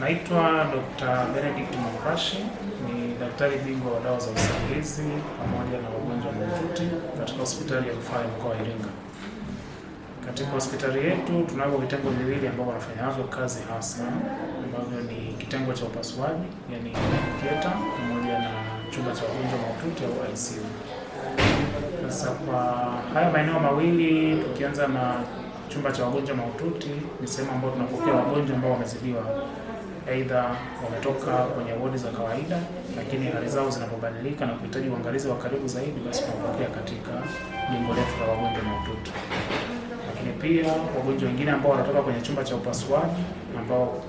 Naitwa Dr. Benedict Mwampashi, ni daktari bingwa wa dawa za usingizi pamoja na wagonjwa mahututi katika hospitali ya rufaa ya mkoa wa Iringa. Katika hospitali yetu tunavyo vitengo viwili ambavyo wanafanya navyo kazi hasa ambavyo ni kitengo cha upasuaji yani theater pamoja na chumba cha wagonjwa mahututi au ICU. Sasa kwa haya maeneo mawili tukianza na chumba cha wagonjwa mahututi ni sehemu ambayo tunapokea wagonjwa ambao wamezidiwa aidha wametoka kwenye wodi za kawaida, lakini hali zao zinapobadilika na kuhitaji uangalizi wa karibu zaidi, basi tunapokea katika jengo letu la wagonjwa mahututi. Lakini pia wagonjwa wengine ambao wanatoka kwenye chumba cha upasuaji, ambao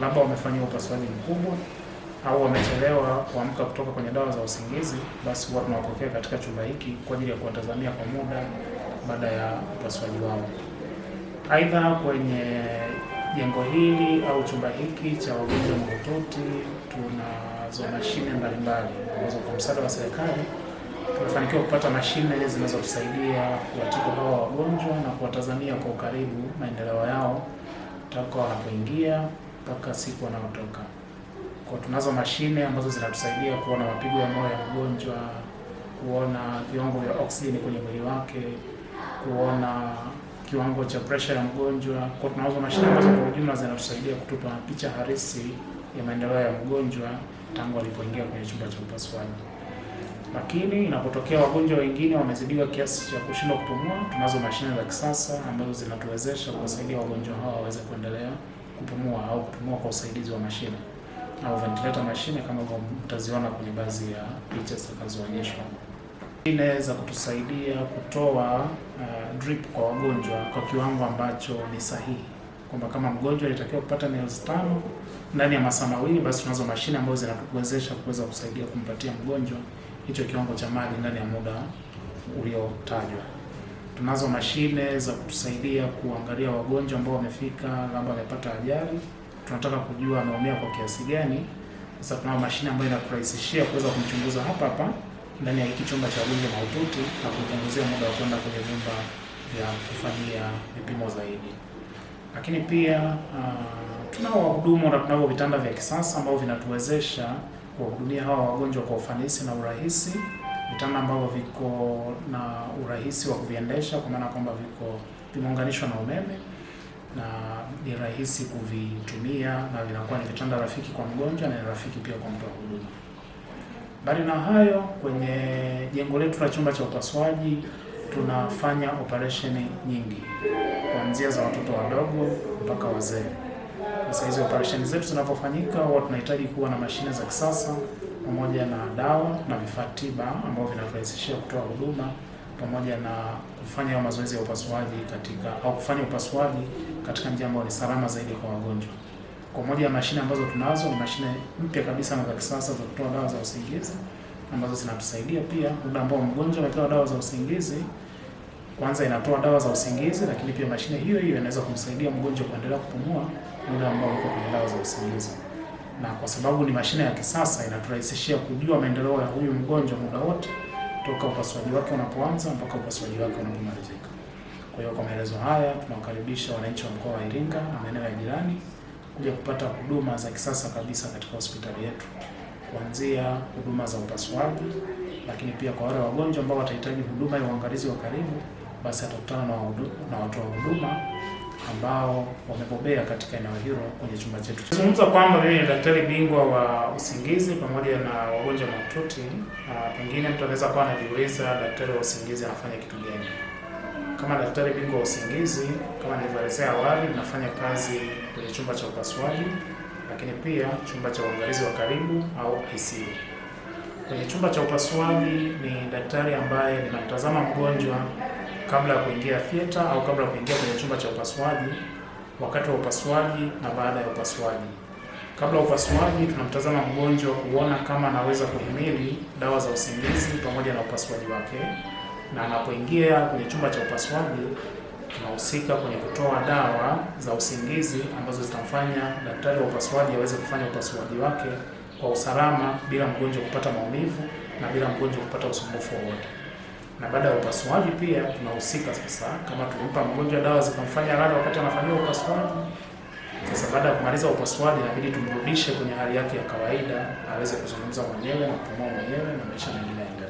labda wamefanyiwa upasuaji mkubwa au wamechelewa kuamka kutoka kwenye dawa za usingizi, basi huwa tunawapokea katika chumba hiki kwa ajili ya kuwatazamia kwa muda baada ya upasuaji wao. Aidha kwenye jengo hili au chumba hiki cha wagonjwa mahututi, tunazo mashine mbalimbali ambazo kwa msaada wa serikali tumefanikiwa kupata mashine zinazotusaidia watoto hawa wagonjwa na kuwatazamia kwa ukaribu maendeleo yao toka wanapoingia mpaka siku wanaotoka. Kwa tunazo mashine ambazo zinatusaidia kuona mapigo ya moyo ya mgonjwa, kuona viwango vya oksijeni kwenye mwili wake, kuona kiwango cha presha ya mgonjwa. Kwa tunaweza mashine ambazo kwa ujumla zinatusaidia kutupa picha halisi ya maendeleo ya mgonjwa tangu alipoingia kwenye chumba cha upasuaji. Lakini inapotokea wagonjwa wengine wamezidiwa kiasi cha kushindwa kupumua, tunazo mashine za kisasa ambazo zinatuwezesha kuwasaidia wagonjwa hao waweze kuendelea kupumua au kupumua kwa usaidizi wa mashine au ventilator mashine, kama mtaziona kwenye baadhi ya picha zitakazoonyeshwa inaweza kutusaidia kutoa uh, drip kwa wagonjwa kwa kiwango ambacho ni sahihi, kwamba kama mgonjwa anatakiwa kupata mililita tano ndani ya masaa mawili, basi tunazo mashine ambazo zinatuwezesha kuweza kusaidia kumpatia mgonjwa hicho kiwango cha maji ndani ya muda uliotajwa. Tunazo mashine za kutusaidia kuangalia wagonjwa ambao wamefika, labda wamepata ajali, tunataka kujua ameumia kwa kiasi gani. Sasa tunao mashine ambayo inakurahisishia kuweza kumchunguza hapa hapa ndani ya hiki chumba cha wagonjwa mahututi na kupunguzia muda wa kwenda kwenye vyumba vya kufanyia vipimo zaidi. Lakini pia uh, tunao wahudumu na tunao vitanda vya kisasa ambavyo vinatuwezesha kuwahudumia hawa wagonjwa kwa ufanisi na urahisi, vitanda ambavyo viko na urahisi wa kuviendesha kwa maana kwamba viko vimeunganishwa na umeme na ni rahisi kuvitumia na vinakuwa ni vitanda rafiki kwa mgonjwa na ni rafiki pia kwa mtu wa huduma. Mbali na hayo, kwenye jengo letu la chumba cha upasuaji tunafanya operesheni nyingi kuanzia za watoto wadogo mpaka wazee. Sasa hizi operesheni zetu zinapofanyika, huwa tunahitaji kuwa na mashine za kisasa pamoja na dawa na vifaa tiba ambavyo vinaturahisishia kutoa huduma pamoja na kufanya mazoezi ya upasuaji katika au kufanya upasuaji katika njia ambayo ni salama zaidi kwa wagonjwa kwa moja ya mashine ambazo tunazo ni mashine mpya kabisa na za kisasa za kutoa dawa za usingizi ambazo zinatusaidia pia muda ambao mgonjwa amepewa dawa za usingizi. Kwanza inatoa dawa za usingizi, lakini pia mashine hiyo hiyo inaweza kumsaidia mgonjwa kuendelea kupumua muda ambao uko kwenye dawa za usingizi. Na kwa sababu ni mashine ya kisasa, inaturahisishia kujua maendeleo ya huyu mgonjwa muda wote toka upasuaji wake unapoanza mpaka upasuaji wake unapomalizika. Kwa hiyo, kwa maelezo haya tunawakaribisha wananchi wa mkoa wa Iringa na maeneo ya jirani kuja kupata huduma za kisasa kabisa katika hospitali yetu, kuanzia huduma za upasuaji, lakini pia kwa wale wagonjwa ambao watahitaji huduma ya uangalizi wa karibu, basi atakutana na na watoa huduma ambao wamebobea katika eneo hilo kwenye chumba chetu. Tuzungumza kwamba mimi ni daktari bingwa wa usingizi pamoja na wagonjwa mahututi, na pengine mtu anaweza kuwa anajiuliza daktari wa usingizi anafanya kitu gani? Kama daktari bingwa wa usingizi, kama nilivyoelezea awali, nafanya kazi kwenye chumba cha upasuaji, lakini pia chumba cha uangalizi wa karibu au ICU. Kwenye chumba cha upasuaji ni daktari ambaye ninamtazama mgonjwa kabla ya kuingia theta au kabla ya kuingia kwenye chumba cha upasuaji, wakati wa upasuaji na baada ya upasuaji. Kabla ya upasuaji, tunamtazama mgonjwa kuona kama anaweza kuhimili dawa za usingizi pamoja na upasuaji wake na anapoingia kwenye chumba cha upasuaji tunahusika kwenye kutoa dawa za usingizi ambazo zitamfanya daktari wa upasuaji aweze kufanya upasuaji wake kwa usalama bila mgonjwa kupata maumivu na bila mgonjwa kupata usumbufu wowote. Na baada ya upasuaji pia tunahusika sasa, kama tulimpa mgonjwa dawa zikamfanya lala wakati anafanyiwa upasuaji, sasa baada ya kumaliza upasuaji inabidi tumrudishe kwenye hali yake ya kawaida, aweze kuzungumza mwenyewe na kupumua mwenyewe na maisha mengine